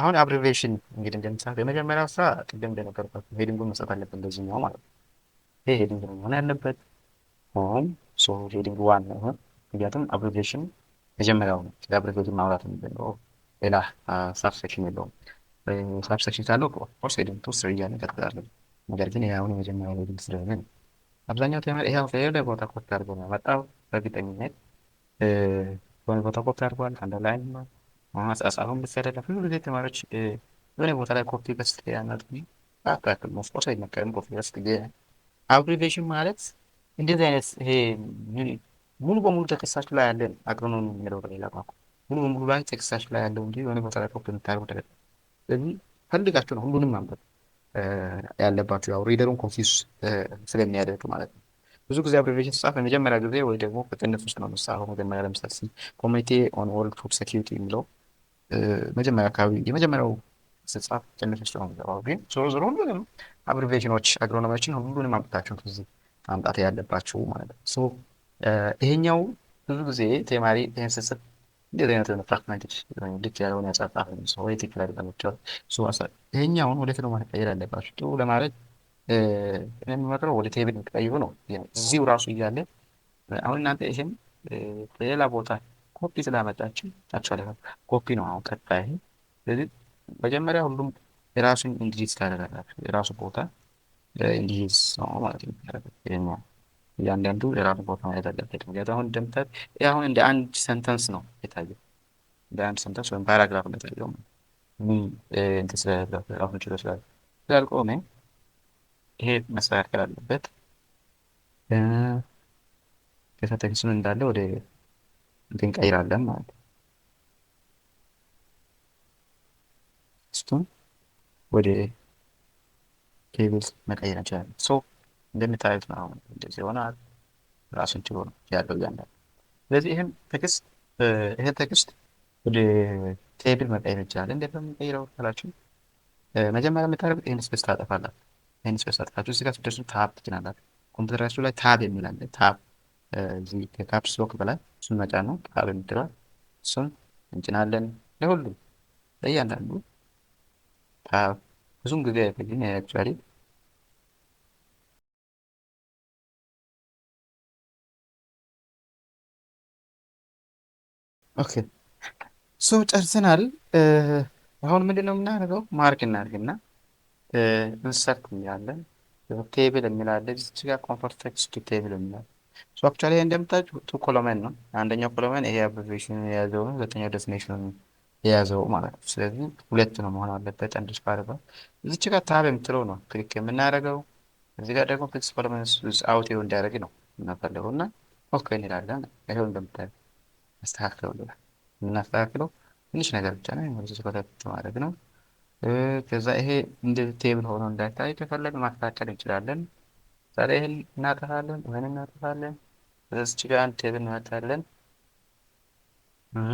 አሁን አብሪቬሽን እንግዲህ እንደምሳሌ የመጀመሪያው ስራ ቅድም እንደነገርኳችሁ ሄዲንጉን መስጠት አለበት። እንደዚህ ማለት ነው። ይሄ ሄዲንግ ነው መሆን ያለበት። ሆም ሶ ሄዲንግ ዋን ነው። ምክንያቱም አብሪቬሽን መጀመሪያው ነው። ስለ አብሪቬሽን ማውራት የሚለው ሌላ ሳብሴክሽን የለውም። ሳብሴክሽን ካለው ኦፍኮርስ ሄዲንግ ቱ ስር እያለ እንቀጥላለን። ነገር ግን ይሄ አሁን የመጀመሪያው ሄዲንግ ስለሆነ ነው። አብዛኛው ተማሪ ይሄ ሌላ ቦታ ኮፒ አድርጎ ነው ያመጣው። በእርግጠኝነት የሆነ ቦታ ኮፒ አድርጓል አንደርላይን ነው አጻጻፉን ብቻ አይደለም ሁሉ ጊዜ ተማሪዎች የሆነ ቦታ ላይ ኮፒ በስት ያናጥኝ አካክል መስቆስ አይመከርም። ኮፒ በስት ግን አብሪቬሽን ማለት እንደዚህ አይነት ይሄ ሙሉ በሙሉ ተከሳችሁ ላይ ያለን አግሮኖሚ የሚለው በሌላ ቋንቋ ሙሉ በሙሉ ላይ ተከሳችሁ ላይ ያለው እንጂ የሆነ ቦታ ላይ ኮፒ የምታደርጉ ደለ ስለዚህ ፈልጋችሁ ነው ሁሉንም ማንበብ ያለባችሁ፣ ያው ሪደሩን ኮንፊውስ ስለሚያደርግ ማለት ነው። ብዙ ጊዜ አብሬቬሽን ሲጻፍ የመጀመሪያ ጊዜ ወይ ደግሞ ከጥንፍ ውስጥ ነው መሳሁ መጀመሪያ ለምሳሌ ኮሚቴ ኦን ወርልድ ፉድ ሴኪሪቲ የሚለው መጀመሪያ አካባቢ የመጀመሪያው ስጻፍ ትንሽ ነው የሚገባው ግን ዞሮ ዞሮ ሁሉንም አብሪቬሽኖች አግሮኖሚዎችን ሁሉንም አምጥታችሁ እዚህ ማምጣት ያለባችሁ ማለት ነው። ይሄኛው ብዙ ጊዜ ተማሪ ይህን ስጽፍ እንዴት አይነት ፍራክመንቶች ልክ ያለሆነ ያጻጻፍ ወይ ትክክል ይሄኛውን ወደ ቴብል መቀየር ያለባችሁ ጥሩ ለማለት የሚመክረው ወደ ቴብል ቀይሩ ነው። እዚሁ ራሱ እያለ አሁን እናንተ ይህም ሌላ ቦታ ኮፒ ስላመጣችን አቻለሁ ኮፒ ነው አሁን ቀጣይ። ስለዚህ መጀመሪያ ሁሉም የራሱን እንዲጂት ስላደረጋችሁ የራሱ ቦታ እንዲጂት ነው ማለት ነው። እያንዳንዱ የራሱ ቦታ ማለት አለበት። ምክንያቱ አሁን እንደምታል አሁን እንደ አንድ ሰንተንስ ነው የታየው፣ እንደ አንድ ሰንተንስ ወይም ፓራግራፍ ነው የታየው። ምን እንትን ችሎ ስላለ ስላልቆመ ይሄ መስተካከል አለበት። ከዛ እንዳለ ወደ እንቀይራለን ማለት ነው። እሱን ወደ ቴብልስ መቀየር እንችላለን። ሶ እንደምታዩት ነው አሁን እንደዚህ ይሆናል። ራሱን ችሎ ነው ያለው እያንዳንዱ። ስለዚህ ይህን ቴክስት ይህን ቴክስት ወደ ቴብል መቀየር እንችላለን። እንዴት ነው የምንቀይረው ካላችሁ መጀመሪያ የምታደርጉት ይህን ስፔስ ታጠፋላት። ይህን ስፔስ ታጠፋችሁ እዚህ ጋር ስትደርሱ ታብ ትችላላችሁ። ኮምፒውተራችሁ ላይ ታብ የሚላለ ታብ ከካፕስ ሎክ በላይ እሱን መጫን ነው። ቃል የምትለዋል እሱን እንጭናለን። ለሁሉም ለእያንዳንዱ ታብ ብዙም ጊዜ አይፈጅም። አክቹዋሊ ኦኬ ሶ ጨርሰናል። አሁን ምንድን ነው የምናደርገው? ማርክ እናድርግና እንሰርት እንላለን። ቴብል የሚላለ ጋር ኮንፈርት ቴክስት ቴብል የሚላል ሶ አክቹዋሊ ይሄ ቱ ኮሎመን ነው። አንደኛው ኮሎመን ይሄ አብሬቪዬሽኑን የያዘው ነው። ሁለተኛው ዴፊኔሽኑን የያዘው ማለት ነው። ስለዚህ ሁለት ነው መሆን አለበት። አንድ ስፓርባ እዚች ጋር ታብ የምትለው ነው ክሊክ የምናደርገው። እዚህ ጋር ደግሞ ፊክስ ኮሎመን አውት ይሁን እንዲያደርግ ነው የምናፈልገው እና ኦኬ እንላለን። ይሄው እንደምታዩ አስተካክለው ልላል። የምናስተካክለው ትንሽ ነገር ብቻ ነው ወደዚህ በታች ማድረግ ነው። ከዛ ይሄ እንደ ቴብል ሆኖ እንዳይታይ ከፈለግን ማስተካከል እንችላለን። ዛሬ ይሄን እናጠፋለን፣ ወይንም እናጠፋለን እዚች ጋር አንድ ቴብ እንመታለን።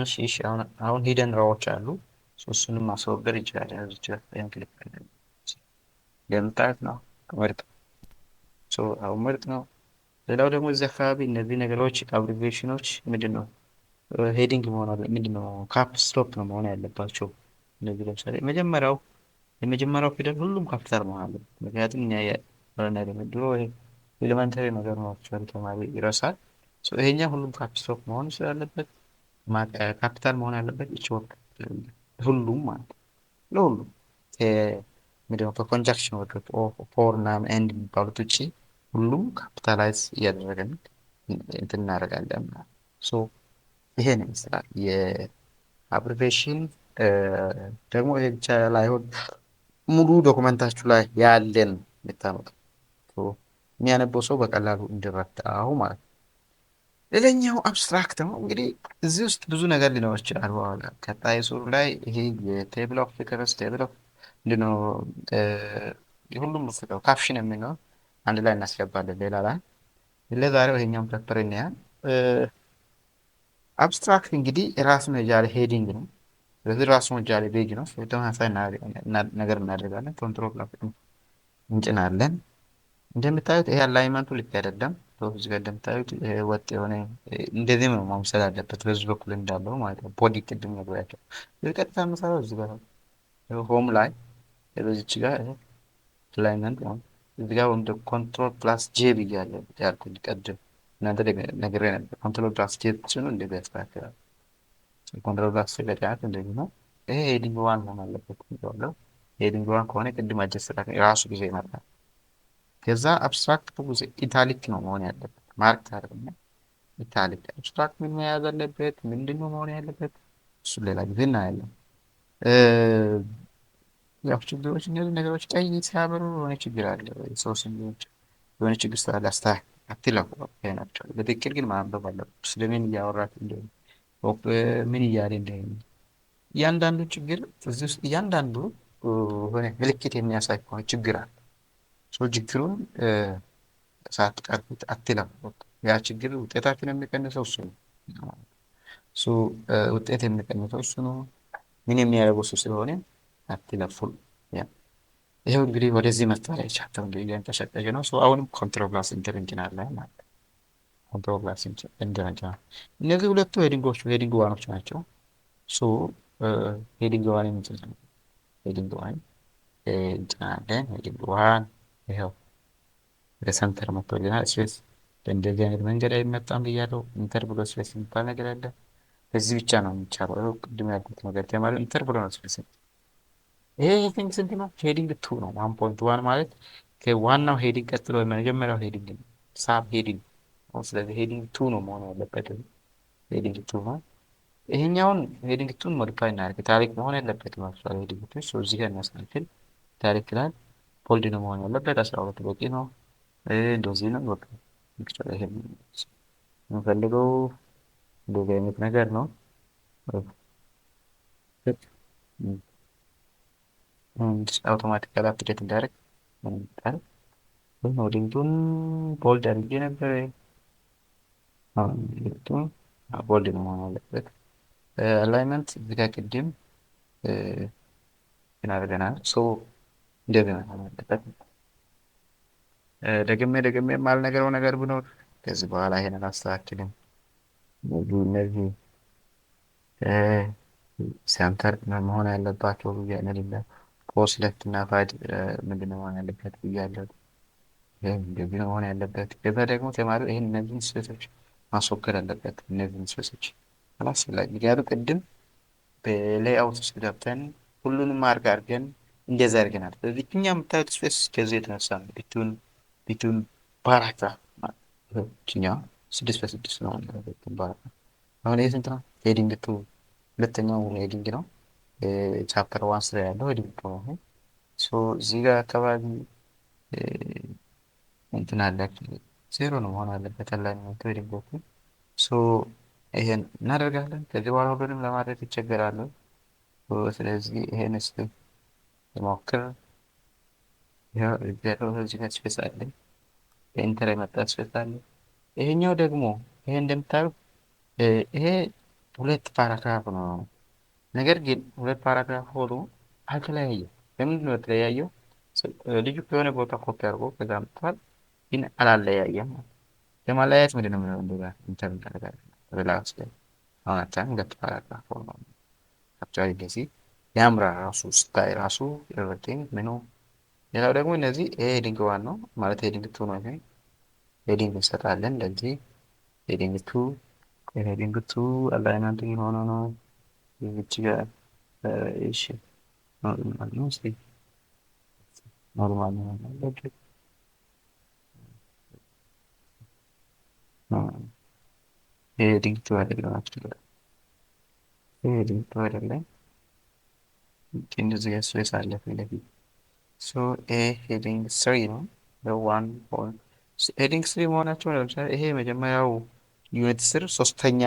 እሺ እሺ። አሁን አሁን ሂደን ራዎች አሉ። ሶስቱንም ማስወገድ ይችላል። እዚች ጋር ያን ክሊክ እንደምታዩት ነው። ምርጥ ሶ አሁን ምርጥ ነው። ሌላው ደግሞ እዚህ አካባቢ እነዚህ ነገሮች አብሪቬሽኖች ምንድን ነው ሄዲንግ መሆን አለ ምንድን ነው ካፕ ስቶፕ ነው መሆን ያለባቸው። እነዚህ ለምሳሌ መጀመሪያው የመጀመሪያው ፊደል ሁሉም ካፒታል መሆን አለበት። ምክንያቱም ድሮ ኤሌመንተሪ ነገር ነው ተማሪ ይረሳል። ይሄኛ ሁሉም ካፕስሎክ መሆን ስላለበት ካፒታል መሆን ያለበት እች ወርድ ሁሉም ማለት ለሁሉም ምንድነው ከኮንጃክሽን ወርዶች ፎር ምናምን ኤንድ የሚባሉት ውጭ ሁሉም ካፒታላይዝ እያደረገን እንትን እናደርጋለን ማለት ሶ ይሄን ይመስላል የአብሪቬሽን ደግሞ ይሄ ብቻ ላይሆን ሙሉ ዶኩመንታችሁ ላይ ያለን የምታመጡ የሚያነበው ሰው በቀላሉ እንዲረዳው ማለት ነው ሌላኛው አብስትራክት ነው። እንግዲህ እዚህ ውስጥ ብዙ ነገር ሊኖር ይችላል። በኋላ ቀጣይ ሱር ላይ ይሄ የቴብል ኦፍ ፊገርስ ቴብል ኦፍ እንድነው ሁሉም ፍቀው ካፕሽን የሚለው አንድ ላይ እናስገባለን። ሌላ ላይ ለዛሬው ይሄኛውን ፕሬፐር ያህል አብስትራክት እንግዲህ ራሱን የቻለ ሄዲንግ ነው። ስለዚህ ራሱን የቻለ ቤጅ ነው። ተመሳሳይ ነገር እናደርጋለን። ኮንትሮል እንጭናለን። እንደምታዩት ይሄ አላይመንቱ ልክ አይደለም። እዚህ ጋር እንደምታዩት ወጥ የሆነ እንደዚህ ነው ማምሰል አለበት። በዚህ በኩል እንዳለው ማለት ነው። ቦዲ ቅድም ነግሬያቸው ቀጥታ የምሰራው እዚህ ጋር ሆም ላይ በዚች ጋር ክላይመንት ነው። እዚህ ጋር ወይም ደግሞ ኮንትሮል ፕላስ ጄ ብያለሁ ያልኩኝ ቀድም እናንተ ነግሬ ነበር። ኮንትሮል ፕላስ ጄ ጭኑ እንደዚህ ያስተካክላል። ኮንትሮል ፕላስ ጄ ቀጫት እንደዚህ ነው። ይሄ ሄዲንግ ዋን መሆን አለበት። ሄዲንግ ዋን ከሆነ ቅድም አጀስት ራሱ ጊዜ ይመጣል። ከዛ አብስትራክቱ ጊዜ ኢታሊክ ነው መሆን ያለበት ማርክ ታደርግና ኢታሊክ አብስትራክት ምን መያዝ አለበት? ምንድን ነው መሆን ያለበት? እሱ ሌላ ጊዜ እናያለን። ያው ችግሮች እነዚህ ነገሮች ቀይ ሲያበሩ የሆነ ችግር አለ። ሰው ስንሆን የሆነ ችግር ስላለ አስተካክል አትለፉ ናቸው። በትክክል ግን ማንበብ አለባችሁ። ስለምን እያወራት እንደሆነ ምን እያለ እንደሆነ እያንዳንዱ ችግር እዚህ ውስጥ እያንዳንዱ የሆነ ምልክት የሚያሳይ ችግር አለ። ችግሩን አትናቁት። ያ ችግር ውጤታችን የሚቀንሰው እሱ ነው። እሱ ውጤት የሚቀንሰው እሱ ነው። ምን የሚያደርገው እሱ ስለሆነ አትለፉል። ይኸው እንግዲህ ወደዚህ መፍታሪያ ይቻተው እንግዲህ እየተሸጠቀ ነው። አሁንም ኮንትሮፕላስ ኢንተርንጂን አለ ማለት ኮንትሮፕላስ ኢንተርንጂን አለ። እነዚህ ሁለቱ ሄዲንጎቹ ሄዲንግ ዋኖች ናቸው። ሄዲንግ ዋን ሄዲንግ ዋን እንጭናለን ሄዲንግ ዋን ይኸው ወደ ሰንተር መጥቶልናል። ስለዚህ በእንደዚህ አይነት መንገድ አይመጣም ብያለው። ኢንተር ብሎ ስፔስ የሚባል ነገር አለ። በዚህ ብቻ ነው የሚቻለው። ቅድም ያልኩት ነገር ተማሪ ኢንተር ብሎ ነው ስፔስ። ይሄ ሄዲንግ ስንት ነው? ሄዲንግ ቱ ነው። ዋን ፖይንት ዋን ማለት ከዋናው ሄዲንግ ቀጥሎ የመጀመሪያው ሄዲንግ ነው፣ ሳብ ሄዲንግ ነው። ስለዚህ ሄዲንግ ቱ ነው መሆን ያለበት። ሄዲንግ ቱ ነው። ይሄኛውን ሄዲንግ ቱን ሞዲፋይ እናደርግ። ታሪክ መሆን ያለበት ሄዲንግ ቱ እዚህ ጋር የሚያስከትል ታሪክ ላል ፎልድ ነው መሆን ያለበት። አስራ ሁለት በቂ ነው። እንደዚህ ነው በቃ ሚክስቸር። የምፈልገው እንደዚህ አይነት ነገር ነው። አውቶማቲካል አፕዴት እንዳደረግ ወይም ኦዲንቱን ቦልድ አድርጌ ነበር። ቱን ቦልድ ነው መሆን ያለበት። አላይመንት እዚጋ ቅድም ናደርገናል ሶ እንደገና ለማጠቃት ደግሜ ደግሜ የማልነገረው ነገር ብኖር ከዚህ በኋላ ይሄንን አስተካክልም። እነዚህ እነዚህ ሴንተር መሆን ያለባቸው ብያ ፖስ ለፍት እና ፋድ ምንድን ነው መሆን ያለበት ብያለሁ። እንደዚህ ነው መሆን ያለበት። ከዛ ደግሞ ተማሪው ይህን እነዚህን ስህተቶች ማስወገድ አለበት። እነዚህን ስህተቶች አላስፈላጊ ምክንያቱ ቅድም በሌይአውት ውስጥ ገብተን ሁሉንም አድርግ አርገን እንደዛ ያደርገናል። ስለዚህ እኛ የምታዩት ስፔስ ከዚህ የተነሳ ነው። ቢቱን ቢቱን ባራካ እኛ ስድስት በስድስት ነው። ቢቱን ባራካ አሁን ይህ ስንት ነው? ሄዲንግ ቱ ሁለተኛው ሄዲንግ ነው። ቻፕተር ዋን ስለ ያለው ሄዲንግ ቱ ነው። ሶ እዚህ ጋር አካባቢ እንትን አለ ዜሮ ነው መሆን አለበት። ላይ ሄዲንግ ቱ ሶ ይሄን እናደርጋለን። ከዚህ በኋላ ሁሉንም ለማድረግ ይቸገራለሁ። ስለዚህ ይሄን ስል የሞክር ዚጋ ስፔስ አለኝ። በኢንተር የመጣ ስፔስ ይሄኛው ደግሞ ይሄ እንደምታዩት ይሄ ሁለት ፓራግራፍ ነው። ነገር ግን ሁለት ፓራግራፍ ሆኖ አልተለያየ ለምንድን ነው የተለያየው? ልጁ የሆነ ቦታ ኮፒ አድርጎ ከዛ ምጥቷል፣ ግን አላለያየም። ለማለያየት ምንድን ነው የምንለው? ኢንተር እናደርጋለን። ሪላክስ ላይ አሁን ሁለት ፓራግራፍ ሆኖ አክቹዋሊ እንደዚህ ያምራል ራሱ ስታይ ራሱ ኤቭሪቲንግ ምኑ። ሌላው ደግሞ እነዚህ ሄዲንግ ዋን ነው ማለት ሄዲንግ ቱ ነው። ይሄ ሄዲንግ እንሰጣለን እንደዚህ ሄዲንግ ቱ ሄዲንግ ቱ አላይመንት የሆነ ነው። ይህች ጋር እሺ ኖርማል ነው ስ ኖርማል ነው አለበት ሄዲንግ ቱ አይደለም ሄዲንግ ቱ አይደለም እንደዚህ ጋር ስፔስ አለ ፊት ለፊት ሶ ኤ ሄዲንግ ስሪ ነው በዋን ሄዲንግ ስሪ መሆናቸው ለምሳሌ ይሄ መጀመሪያው ዩኒት ስር ሶስተኛ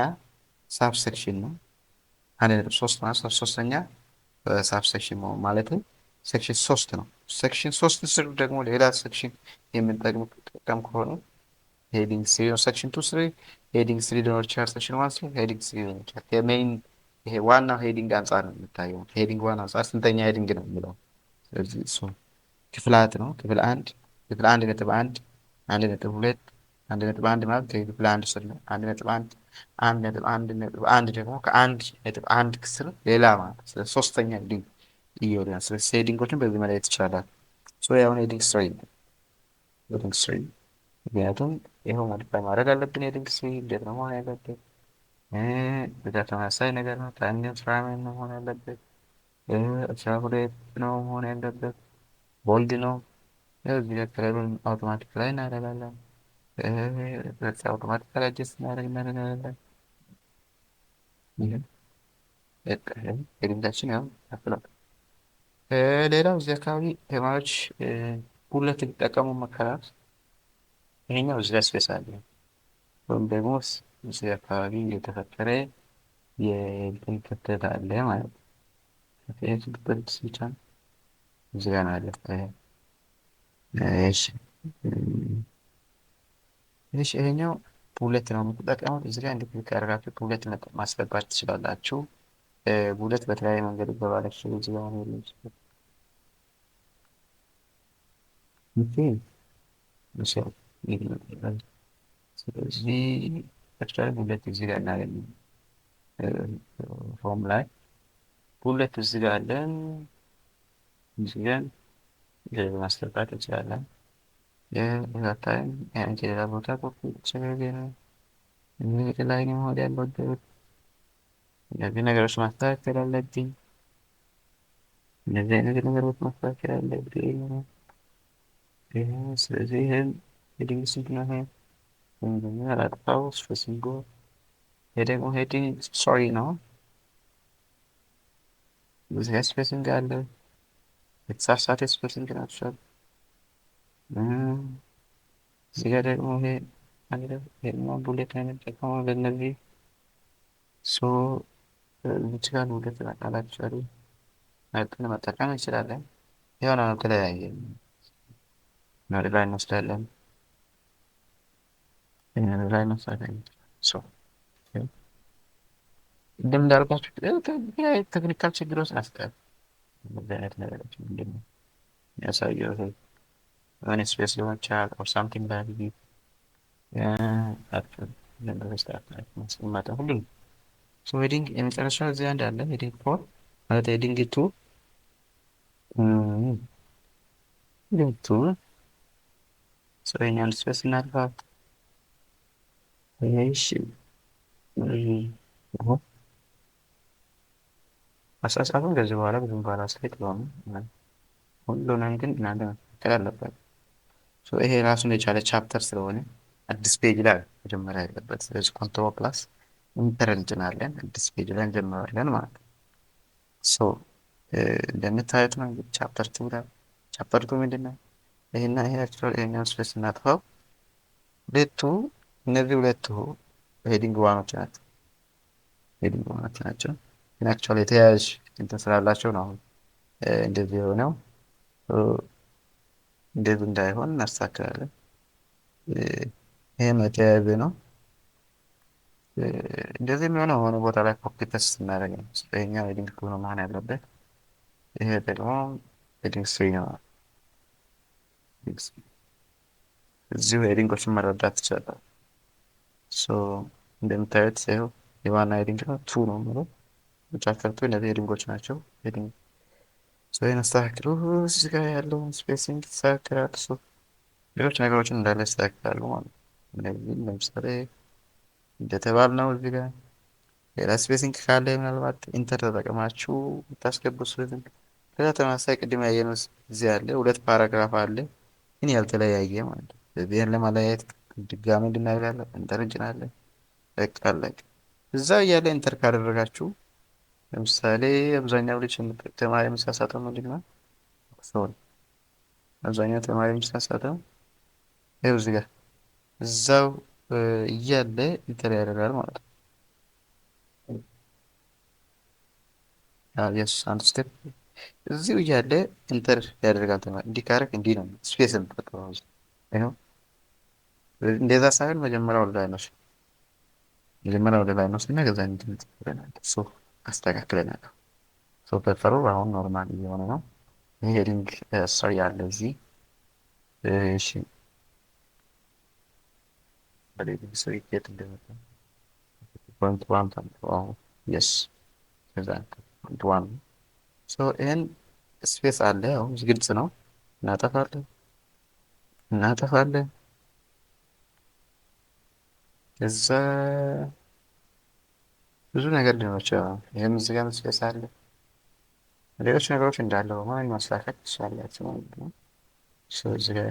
ሳብሴክሽን ነው። አንድ ነጥብ ሶስት ማለት ሶስተኛ ሳብሴክሽን ነው ማለት ሴክሽን ሶስት ነው። ሴክሽን ሶስት ስር ደግሞ ሌላ ሴክሽን የምንጠቀም ከሆነ ሄዲንግ ስሪ ነው። ሴክሽን ቱ ስሪ ሄዲንግ ስሪ ሊኖር ቻር ሴክሽን ዋን ስሪ ሄዲንግ ስሪ ሊኖር ቻር የሜይን ይሄ ዋናው ሄዲንግ አንጻር ነው የምታየው። ሄዲንግ ዋን አንጻር ስንተኛ ሄዲንግ ነው የሚለው ስለዚህ እሱ ክፍላት ነው። ክፍል አንድ ክፍል አንድ ነጥብ አንድ አንድ ነጥብ ሁለት አንድ ነጥብ አንድ ማለት ከክፍል አንድ ስር ነው። አንድ ነጥብ አንድ አንድ ነጥብ አንድ ነጥብ አንድ ደግሞ ከአንድ ነጥብ አንድ ክስር ሌላ ማለት ስለ ሶስተኛ ሄዲንግ እየወደ ስለዚህ ሄዲንጎችን በዚህ መለየት ይችላላል። ሶ ያሁን ሄዲንግ ስሪ ሄዲንግ ስሪ ምክንያቱም ይኸው ሞዲፋይ ማድረግ አለብን። ሄዲንግ ስሪ እንዴት ነው መሆን ያለብን? በተመሳሳይ ነገር ነው። ጠንግም ፍራሜን ነው መሆን ያለበት። ሳኩሬት ነው መሆን ያለበት። ቦልድ ነው። እዚህ ከለሩን አውቶማቲክ ላይ እናደርጋለን። በዚ አውቶማቲክ ላይ አጀስት እናደርግ እናደርጋለን። ግምታችን ያው ያፍላል። ሌላው እዚህ አካባቢ ተማሪዎች ሁለት ሊጠቀሙ መከራት ይሄኛው እዚህ ላይ ስፔስ አለ ወይም ደግሞ እዚህ አካባቢ የተፈጠረ የእንትን ክፍተት አለ ማለት ነው። ምክንያቱ ብትጠቅስ ብቻ ነው። እዚህ ጋር ነው አለ። እሺ እሺ፣ ይሄኛው ሁለት ነው የምትጠቀሙት። እዚህ ጋር እንዴት ልቀረራችሁ ሁለት ማስገባት ትችላላችሁ። ሁለት በተለያየ መንገድ ይገባለች። እዚህ ጋር ነው ያለው። ስለዚህ ሁለት እዚጋ ፎም ላይ ሁለት እዚጋ አለን። እዚጋን ማስገባት እንችላለን። ታይም አንቺ ሌላ ቦታ ኮፒ ይችላል። እንግዲህ ላይ ነው ወደ ያለበት እነዚህ ነገሮች ማስተካከል አለብኝ። እነዚህ አይነት ነገሮች ማስተካከል አለብኝ። ስለዚህ ይህን ሄዲንግ ስንት ነው? Mhm, Yeah, that sounds reasonable. Heading on heading, sorry, no? በስፔስን ጋለ የተሳሳተ ስፔስን ግናቸዋል። እዚህ ጋር ደግሞ ይሄ አለ። ይሄ ደግሞ ቡሌት ነው የምንጠቀመው ለእነዚህ ሶ እዚች ጋር ሁለት ቃላቸዋል መጠን መጠቀም እንችላለን። የሆነ ነው የተለያየ ነው ላይ እንወስዳለን። ራይኖስ አገኘ ሰው ቅድም እንዳልኳቸው ቴክኒካል ችግሮች ናቸው። እንደዚህ አይነት ነገሮች ምንድን ነው የሚያሳየው? የሆነ ስፔስ ሊሆን ይችላል ኦር ሳምቲንግ ቫሊዩ ማስቀመጠ ሁሉ ነው። ሶ ሄዲንግ የመጨረሻ እዚህ አንድ አለ ሄዲንግ ፎር ማለት ሄዲንግ ቱ ሄዲንግ ቱ ሰው አንድ ስፔስ እናልፋት እሺ mm-hmm. አጻጻፉን ከዚህ በኋላ ብዙም ባላስኬድ ሆኑ ሁሉንም ግን እናንተ መከታተል አለባችሁ። ይሄ ራሱን የቻለ ቻፕተር ስለሆነ አዲስ ፔጅ ላይ መጀመሪያ ያለበት። ስለዚህ ኮንትሮል ፕላስ ኢንተር እንጭናለን፣ አዲስ ፔጅ ላይ እንጀምራለን ማለት ነው። እንደምታዩት ነው እንግዲህ ቻፕተር ቱ ላይ ቻፕተር ቱ ምንድን ነው? ይሄና ይሄ አክቹዋሊ ይሄኛውን ስፔስ እናጥፋው ሁለቱ እነዚህ ሁለቱ ሄዲንግ ዋኖች ናቸው። ሄዲንግ ዋኖች ናቸው ግን አክቹዋሊ የተያያዥ እንትን ስላላቸው ነው አሁን እንደዚህ የሆነው። እንደዚህ እንዳይሆን እናስተካክላለን። ይህም የተያያዘ ነው። እንደዚህ የሚሆነው የሆነ ቦታ ላይ ኮፒ ፔስት ስናደርግ ነው። ይሄኛው ሄዲንግ ቱ ነው መሆን ያለበት። ይሄ ደግሞ ሄዲንግ ስሪ ነው። እዚሁ ሄዲንጎችን መረዳት ይችላል። ሶ እንደምታዩት ይኸው የዋና ሄዲንግ ነው ቱ ነው የምለው ብቻ ከብቶ እነዚህ ሄዲንጎች ናቸው። ሄዲንግ ሶ ይህን አስተካክሉ። እዚህ ጋር ያለውን ስፔሲንግ ተስተካክላል። ሶ ሌሎች ነገሮችን እንዳለ ያስተካክላሉ ማለት ነው። እነዚህ ለምሳሌ እንደተባል ነው እዚህ ጋር ሌላ ስፔሲንግ ካለ ምናልባት ኢንተር ተጠቅማችሁ ብታስገቡ ስለዚህ ከዛ ተመሳሳይ ቅድም ያየነው እዚህ አለ ሁለት ፓራግራፍ አለ ግን ያልተለያየ ማለት ነው። ስለዚህ ለማለያየት ድጋሚ እንድናደርጋለን እንተረጅናለን። በቃ አለቀ። እዛ እያለ ኢንተር ካደረጋችሁ ለምሳሌ አብዛኛው ልጅ ተማሪ የሚሳሳተው ምንድን ነው? ሶሪ አብዛኛው ተማሪ የሚሳሳተው ይኸው እዚህ ጋር እዛው እያለ ኢንተር ያደርጋል ማለት ነው። የሱ አንድ ስቴፕ እዚሁ እያለ ኢንተር ያደርጋል ተማሪ። እንዲህ ካረግ እንዲህ ነው ስፔስ የምትፈጥረው ይኸው እንደዛ ሳይሆን መጀመሪያ ወደ ላይ ነው። መጀመሪያ ወደ ላይ ነው እና ከዛ ንትንጽለናል አስተካክለናል። በፈሩ አሁን ኖርማል እየሆነ ነው። ሄዲንግ ሰሪ አለ እዚህ እሺ በሌሊት ስሪኬት እንደመጣ ፖንት ዋን ታምጠዋሁ የስ ከዛ ፖንት ዋን ሶ ይህን ስፔስ አለ። አሁን ግልጽ ነው። እናጠፋለን እናጠፋለን እዛ ብዙ ነገር ሊኖራቸው ይህም እዚህ ጋር መስገስ አለ። ሌሎች ነገሮች እንዳለው ማን ማስተካከል ትችላላችሁ ማለት ነው። ሰው እዚህ ጋር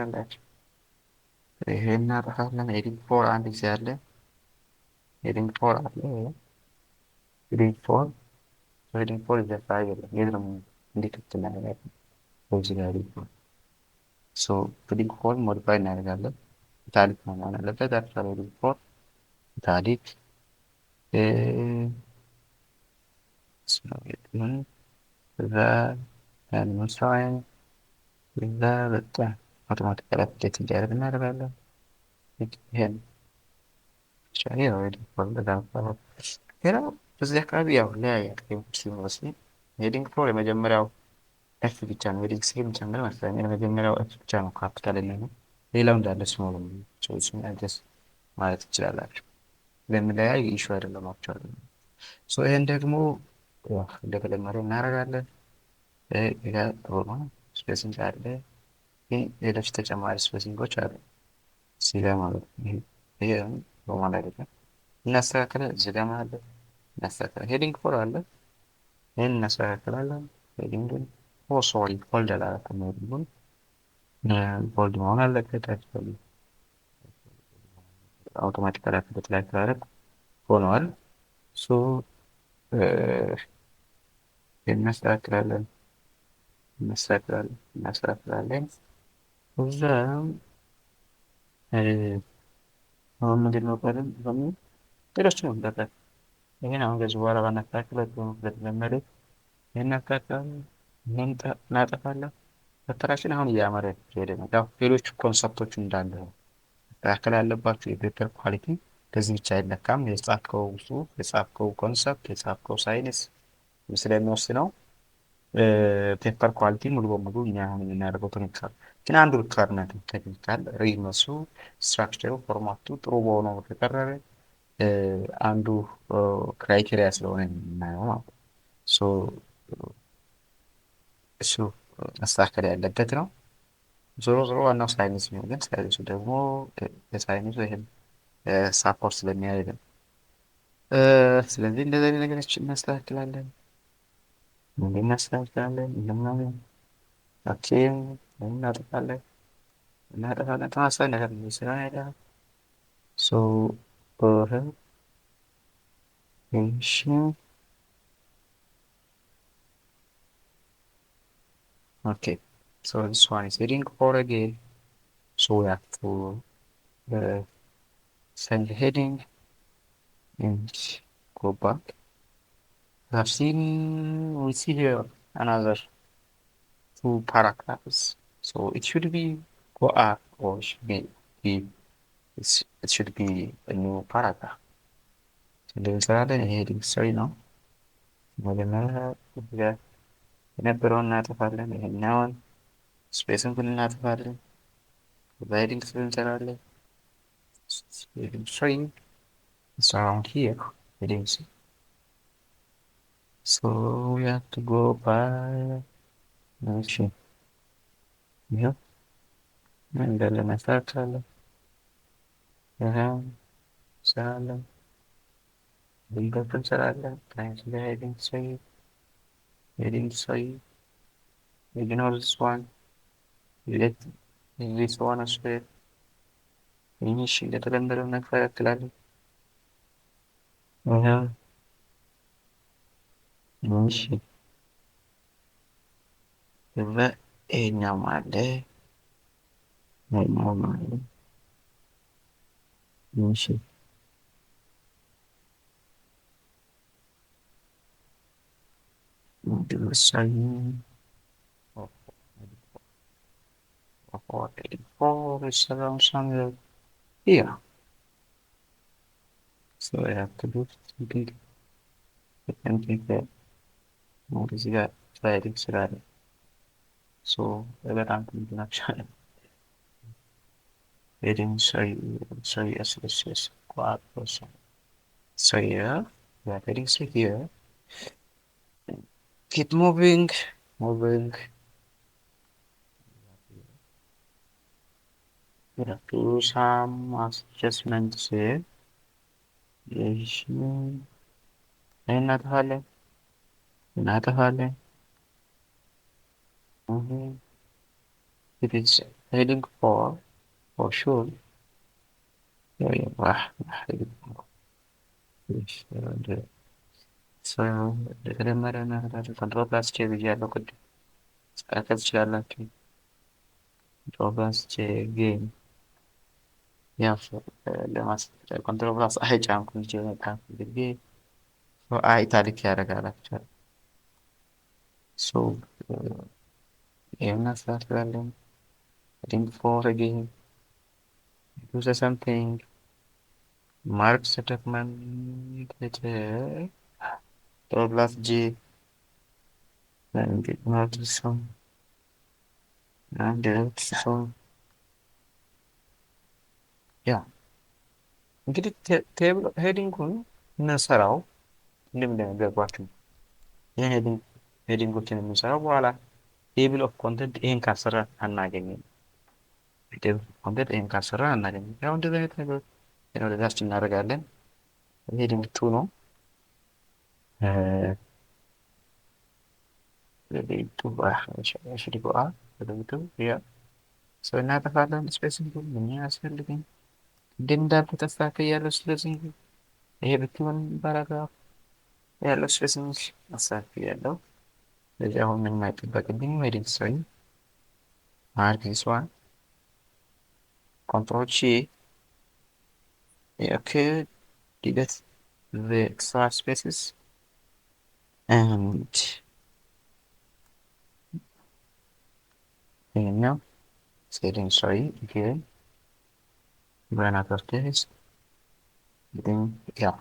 ያላቸው ይሄና ጠፋለን። ኤዲንግ ፎር አንድ ጊዜ አለ። ኤዲንግ ፎር አለ። ኤዲንግ ፎር ኤዲንግ ፎር ይዘፋ አይደለም። የት ነው እንዲከት እናደርጋለን። እዚህ ጋር ኤዲንግ ፎር ሶ ኤዲንግ ፎር ሞዲፋይ እናደርጋለን። تعريف معينة للبدل فالريبورت تعريف ذا yani Musa yani bizde bitti. Matematik alfabeti geldi nerede? Hem şahir öyle falan da falan. Hera bizde kalbi ya ne ya kim kim olsun? Heading problem መጀመሪያው ኤፍ ብቻ ነው። ሄዲንግ ሲል ብቻ ነው ማለት ነው። መጀመሪያው ኤፍ ብቻ ነው ካፒታል ያለው ሌላው እንዳለ ስሞል ሰዎችን አጀስት ማለት ትችላላችሁ። ለሚለያይ ኢሹ አይደለም አክቹዋሊ። ሶ ይሄን ደግሞ እንደተለመደው እናደርጋለን። ሌላ ሮማ ስፔሲንግ አለ፣ ግን ሌሎች ተጨማሪ ስፔሲንጎች አሉ እዚህ ማለት ነው። ሮማ ላይ ደግሞ እናስተካከለ እዚህ አለ እናስተካከለ። ሄዲንግ ፎር አለ፣ ይህን እናስተካክላለን። ሄዲንግን ሶሪ ሆልድ አላረኩም ሄዲንግን ቦልድ መሆን አለበት አያስፈልግም። አውቶማቲካሊ አፕዴት ላይ ስላደረግ ሆኗል። ሶ እናስተካክላለን እናስተካክላለን እናስተካክላለን። እዛ አሁን ምንድን ነው ቀደም በሚ ሌሎች ነው በቀር ይህን አሁን ከዚህ በኋላ ባናስተካክለ ለመደ ይህን አስተካክላለን እናጠፋለን ፈጠራችን አሁን እያመረ ሄደ ነው። ያው ሌሎች ኮንሰፕቶች እንዳለ መስተካከል ያለባቸው የፔፐር ኳሊቲ ከዚህ ብቻ አይለካም። የጻፍከው ጽሁፍ፣ የጻፍከው ኮንሰፕት፣ የጻፍከው ሳይንስ ምስል ስለሚወስነው ፔፐር ኳሊቲ ሙሉ በሙሉ እኛ አሁን የምናደርገው ቴክኒካል ግን አንዱ ሪኳርመንት ቴክኒካል ሪመሱ ስትራክቸሩ ፎርማቱ ጥሩ በሆነ ከቀረበ አንዱ ክራይቴሪያ ስለሆነ የምናየው ማለት ነው። እሱ መስተካከል ያለበት ነው። ዞሮ ዞሮ ዋናው ሳይንስ ነው። ግን ሳይንሱ ደግሞ የሳይንሱ ይህን ሳፖርት ስለሚያደርግ ነው። ስለዚህ እንደዚህ አይነት ነገሮች እናስተካክላለን እናስተካክላለን እንደምናምን ኦኬም እናጠፋለን እናጠፋለን ተመሳሳይ ነገር ነው ስራ ሄዳ ሶ ኦህ okay so this one is heading 4 again so we have to uh, send the heading and go back I've seen we see here another two paragraphs so it should be go up or should be, be it's, it should be a new paragraph so there's another heading sorry Yeah. የነበረውን እናጠፋለን። ይሄኛውን ስፔስን ግን እናጠፋለን። ዲቫይዲንግ ስል እንሰራለን። ስትሪንግ is around here. It is. So we have to go by direction. Yeah. And then I start color. Yeah. Salad. Build up and salad. Nice guiding save. heading sayı ignore this one let this one stay initially render una clave clave ya initially ve en normalde normalde initially do some four eight four is around somewhere here. So I have to do something. I can take that. What is that? Right, it's right. So got I'm thinking I did Waiting, sorry, sorry, yes, yes, yes. Quad person. So yeah, we are heading straight here. Keep moving, moving. We have to do some adjustments here. Ayun, natahali. Natahali. Mm-hmm. It is heading for, for sure. Yeah, yeah, واحد محرق. ايش የተለመደ ነገር አለ። ኮንትሮል ፕላስ ቼ ብዬ ያለው ቅድም ስቃከል ትችላላችሁ። ኮንትሮል ፕላስ ቼ ጌም ያው ለማስ ኮንትሮል ፕላስ አይ ጫንኩኝ ቼ መጣፍ ብዬ አይ ታሪክ ያደርጋላችኋል። ሶ ይህና ስላስላለን ሪንግ ፎር ጌም ዱ ሰምቲንግ ማርክ ሰደክመን ተጨ 12 de and the multiple and so ያ እንግዲህ ቴብል ሄዲንጉን የምንሰራው እንደምንደነገርኳችሁ ይህን ሄዲንግ ሄዲንጎችን የምንሰራው በኋላ ቴብል ኦፍ ኮንተንት ይህን ካሰራ አናገኝም። ቴብል ኦፍ ኮንተንት ይህን ካሰራ አናገኝም። ያው እንደዚህ አይነት እናደርጋለን። ሄዲንግ ቱ ነው። jadi itu bah saya sedih doa betul betul ya so nata kalau as itu menyiasat lagi denda kita sakit ya lo sudah sih eh betul baraga ya lo spesies asal ya lo jadi aku menaik ke bagian ding wedding sorry mark this one control c okay. Did that the extra spaces and you know it's getting sorry here run out of this then yeah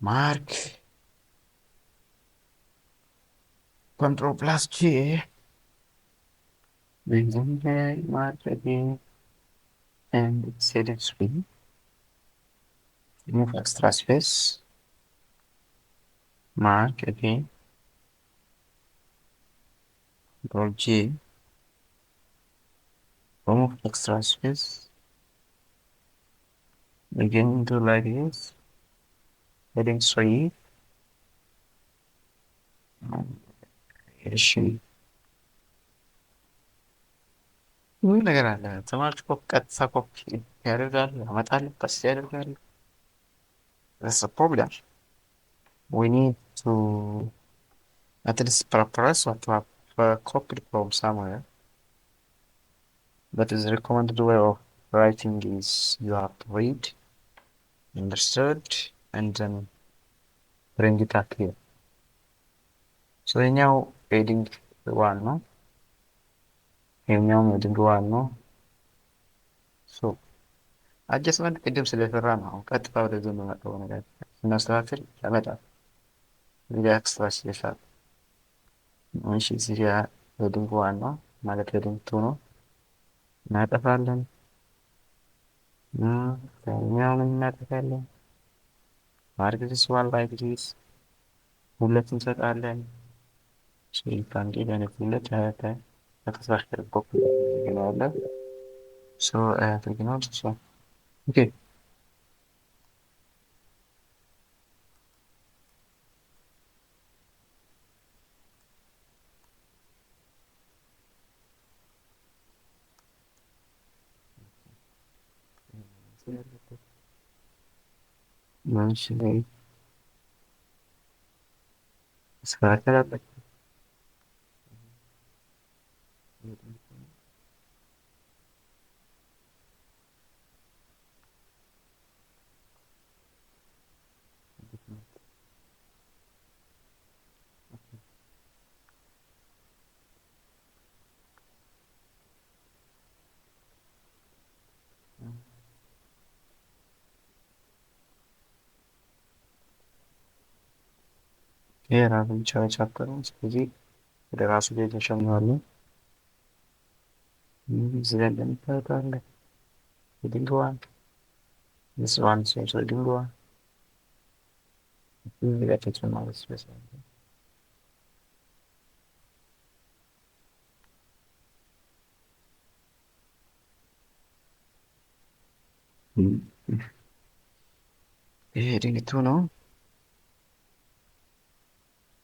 mark control plus g then here mark again and it's set it free remove extra space marketing dot j remove extra space again to like this heading three እሺ ምን ነገር አለ ተማሪዎች ኮፒ ቀጥታ ኮፒ ያደርጋሉ ያመጣሉ ቀስ ያደርጋሉ ፕሮብለም we need to at least prepare a copy from somewhere. That is the recommended way of writing is you have to read, understood, and then bring it up here. So you now adding the one, no? You now adding one, no? So I just want to do some run now. That's about the I'm going to do it. I'm going to do jak stracić እሺ እዚህ ጋ ማለት ሄዲንግ ነው እናጠፋለን። ከኛውን እናጠፋለን። ማርክ ዋን ላይክ ዚስ ሁለት እንሰጣለን። ሽልታንቂ ለነት ሁለት ያተ ከተሳሽከር ከርቆ ይላለ ሶ አይ ሶ ኦኬ Наші. Схватка, Diğer abi çay çatlarımız bizi rahatsız edici yaşamlarını bizden de miktarlarla gidin dua. Nasıl var mısın? Şöyle gidin dua. Bir de geçen malız mesela. Eh, ringtone, no?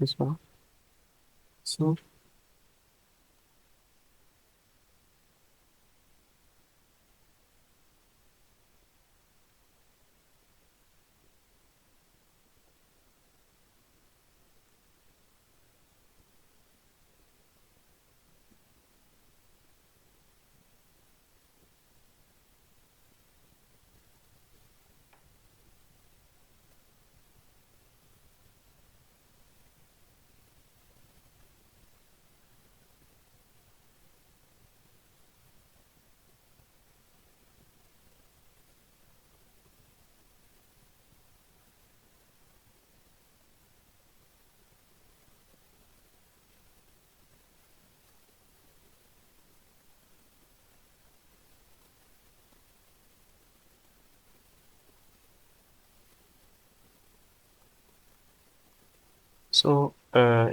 as well. So ሶ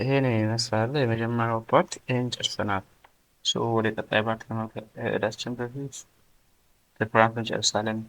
ይሄን ይመስላል የመጀመሪያው ፓርት። ይህን ጨርሰናል። ሶ ወደ ቀጣይ ፓርት ከመሄዳችን በፊት ፕራንክ ጨርሳለን።